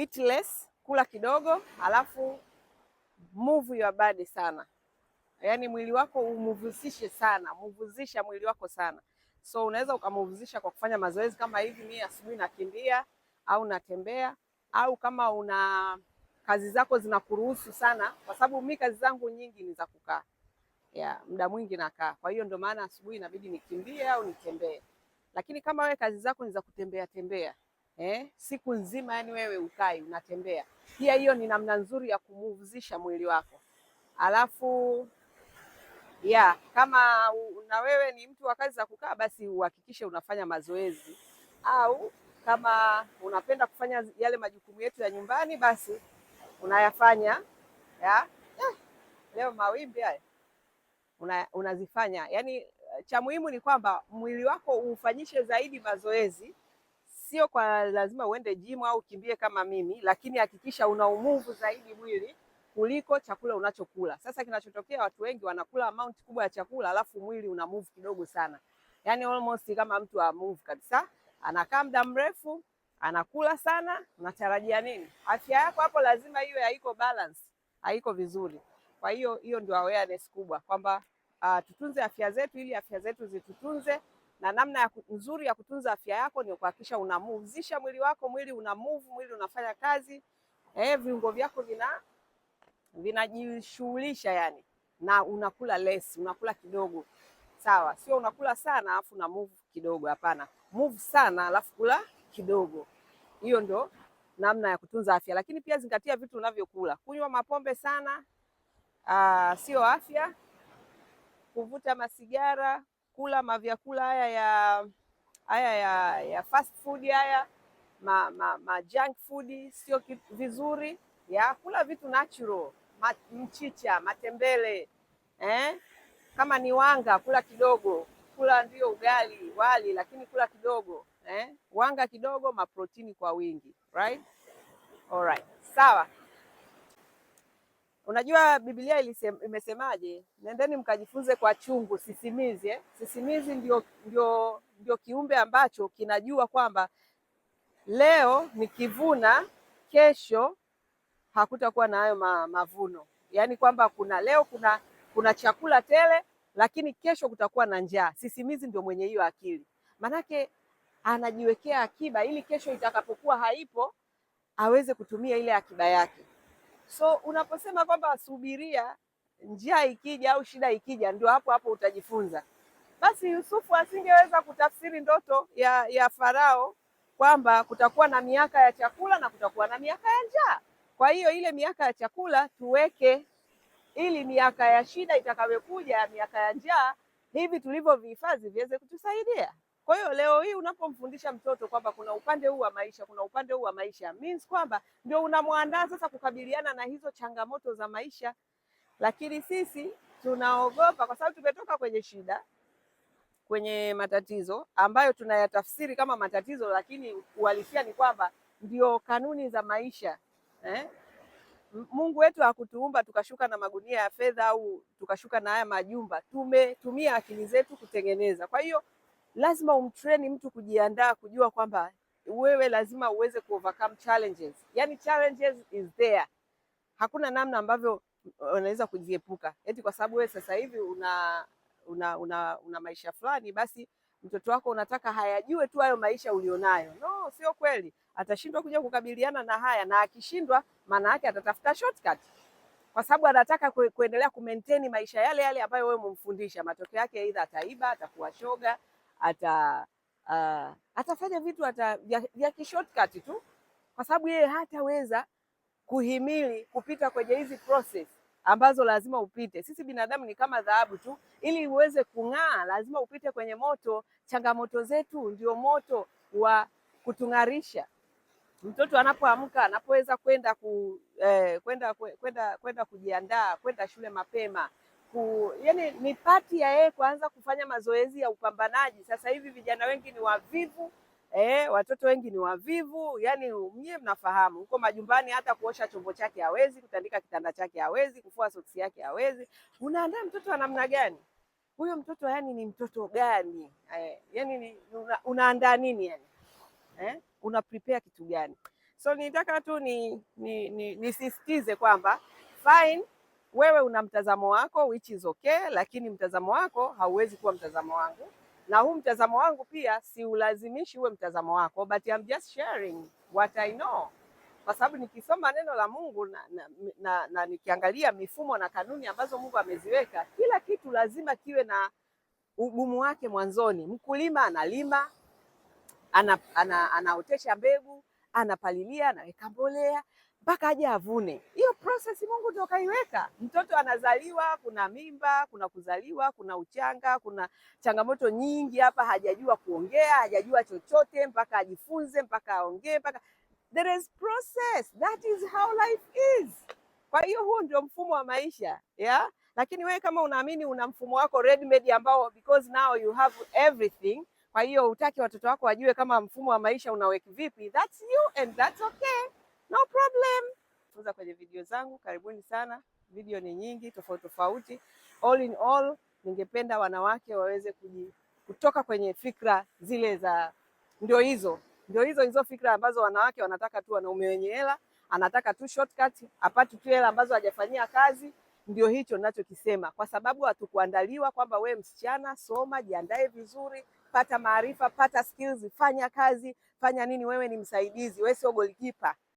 eat less, kula kidogo, alafu move your body sana, yaani mwili wako umuvuzishe sana, muvuzisha mwili wako sana. So unaweza ukamuvuzisha kwa kufanya mazoezi kama hivi, mimi asubuhi nakimbia au natembea, au kama una kazi zako zinakuruhusu sana, kwa sababu mi kazi zangu nyingi ni za kukaa ya muda mwingi nakaa, kwa hiyo ndio maana asubuhi inabidi nikimbie au nitembee. Lakini kama wewe kazi zako ni za kutembea tembea eh, siku nzima yani wewe ukai unatembea. Pia hiyo ni namna nzuri ya kumuvuzisha mwili wako, alafu ya kama na wewe ni mtu wa kazi za kukaa, basi uhakikishe unafanya mazoezi, au kama unapenda kufanya yale majukumu yetu ya nyumbani, basi unayafanya ya eh, leo mawimbi haya una, unazifanya. Yani cha muhimu ni kwamba mwili wako uufanyishe zaidi mazoezi sio kwa lazima uende jimu au ukimbie kama mimi, lakini hakikisha una umuvu zaidi mwili kuliko chakula unachokula. Sasa kinachotokea watu wengi wanakula amount kubwa ya chakula alafu mwili una move kidogo sana, yani almost kama mtu amove kabisa, anakaa muda mrefu anakula sana, unatarajia nini? Afya yako hapo lazima hiyo haiko balance, haiko vizuri. Kwa hiyo hiyo ndio awareness kubwa kwamba uh, tutunze afya zetu ili afya zetu zitutunze na namna ya nzuri ya kutunza afya yako ni kuhakikisha unamuzisha mwili wako, mwili una move, mwili unafanya kazi eh, viungo vyako vina vinajishughulisha yani, na unakula less, unakula kidogo sawa, sio unakula sana alafu na move kidogo. Hapana, move sana alafu kula kidogo. Hiyo ndio namna ya kutunza afya, lakini pia zingatia vitu unavyokula. Kunywa mapombe sana, aa, ah, sio afya. Kuvuta masigara kula mavyakula haya ya haya ya, ya fast food haya ma, ma, ma junk food sio vizuri ya kula vitu natural ma, mchicha matembele eh? Kama ni wanga kula kidogo, kula ndio ugali wali, lakini kula kidogo eh? Wanga kidogo, maprotini kwa wingi right? Alright. Sawa. Unajua Biblia ilisema, imesemaje? Nendeni mkajifunze kwa chungu sisimizi eh? Sisimizi ndio, ndio, ndio kiumbe ambacho kinajua kwamba leo nikivuna kesho hakutakuwa na hayo ma, mavuno. Yaani kwamba kuna leo kuna, kuna chakula tele lakini kesho kutakuwa na njaa. Sisimizi ndio mwenye hiyo akili, manake anajiwekea akiba ili kesho itakapokuwa haipo aweze kutumia ile akiba yake. So unaposema kwamba subiria njia ikija au shida ikija, ndio hapo hapo utajifunza. Basi Yusufu asingeweza kutafsiri ndoto ya, ya Farao kwamba kutakuwa na miaka ya chakula na kutakuwa na miaka ya njaa. Kwa hiyo ile miaka ya chakula tuweke ili miaka ya shida itakayokuja, miaka ya njaa, hivi tulivyovihifadhi viweze kutusaidia. Kwa hiyo leo hii unapomfundisha mtoto kwamba kuna upande huu wa maisha, kuna upande huu wa maisha means kwamba ndio unamwandaa sasa kukabiliana na hizo changamoto za maisha, lakini sisi tunaogopa kwa sababu tumetoka kwenye shida, kwenye matatizo ambayo tunayatafsiri kama matatizo, lakini uhalisia ni kwamba ndio kanuni za maisha eh? Mungu wetu hakutuumba tukashuka na magunia ya fedha au tukashuka na haya majumba. Tumetumia akili zetu kutengeneza. Kwa hiyo lazima umtrain mtu kujiandaa, kujua kwamba wewe lazima uweze kuovercome challenges. Yani challenges is there, hakuna namna ambavyo unaweza kujiepuka eti kwa sababu wewe sasa hivi una una, una, una maisha fulani, basi mtoto wako unataka hayajue tu hayo maisha ulionayo. No, sio kweli. Atashindwa kuja kukabiliana na haya, na akishindwa, maana yake atatafuta shortcut kwa sababu anataka kuendelea kumaintain maisha yale yale ambayo wewe umemfundisha. Matokeo yake aidha ataiba, atakuwa shoga ata uh, atafanya vitu ata vya, vya kishortcut tu, kwa sababu yeye hataweza kuhimili kupita kwenye hizi process ambazo lazima upite. Sisi binadamu ni kama dhahabu tu, ili uweze kung'aa lazima upite kwenye moto. Changamoto zetu ndio moto wa kutung'arisha. Mtoto anapoamka anapoweza kwenda ku, eh, kwenda kwenda kwenda kujiandaa kwenda shule mapema ku yani ni pati ya yeye kuanza kufanya mazoezi ya upambanaji. Sasa hivi vijana wengi ni wavivu eh, watoto wengi ni wavivu. Yani mnyewe mnafahamu huko majumbani, hata kuosha chombo chake hawezi, kutandika kitanda chake hawezi, kufua soksi yake hawezi. Unaandaa mtoto wa namna gani? Huyo mtoto yani ni mtoto gani? Eh, yani ni, una, unaandaa nini yani? Eh, una prepare kitu gani? So nitaka tu ni, ni, ni, kwamba fine wewe una mtazamo wako which is okay, lakini mtazamo wako hauwezi kuwa mtazamo wangu, na huu mtazamo wangu pia siulazimishi uwe mtazamo wako, but I'm just sharing what I know, kwa sababu nikisoma neno la Mungu na, na, na, na nikiangalia mifumo na kanuni ambazo Mungu ameziweka, kila kitu lazima kiwe na ugumu wake mwanzoni. Mkulima analima, anaotesha ana, ana mbegu, anapalilia, anaweka mbolea mpaka aje avune. Hiyo process Mungu ndio kaiweka. Mtoto anazaliwa, kuna mimba, kuna kuzaliwa, kuna uchanga, kuna changamoto nyingi hapa. Hajajua kuongea, hajajua chochote mpaka ajifunze, mpaka aongee, mpaka there is process. That is how life is. Kwa hiyo huo ndio mfumo wa maisha yeah? Lakini wewe kama unaamini una mfumo wako ready made ambao because now you have everything kwa hiyo utaki watoto wako wajue kama mfumo wa maisha unaweki vipi, that's you and that's okay no problem. Tuza kwenye video zangu, karibuni sana. Video ni nyingi tofauti tofauti. All in all, ningependa wanawake waweze kuji, kutoka kwenye fikra zile za ndio hizo ndio hizo hizo fikra ambazo wanawake wanataka tu wanaume wenye hela, anataka tu shortcut apate tu hela ambazo hajafanyia kazi. Ndio hicho ninachokisema, kwa sababu hatukuandaliwa kwamba we msichana, soma, jiandae vizuri, pata maarifa, pata skills, fanya kazi, fanya nini. Wewe ni msaidizi, wewe sio goalkeeper.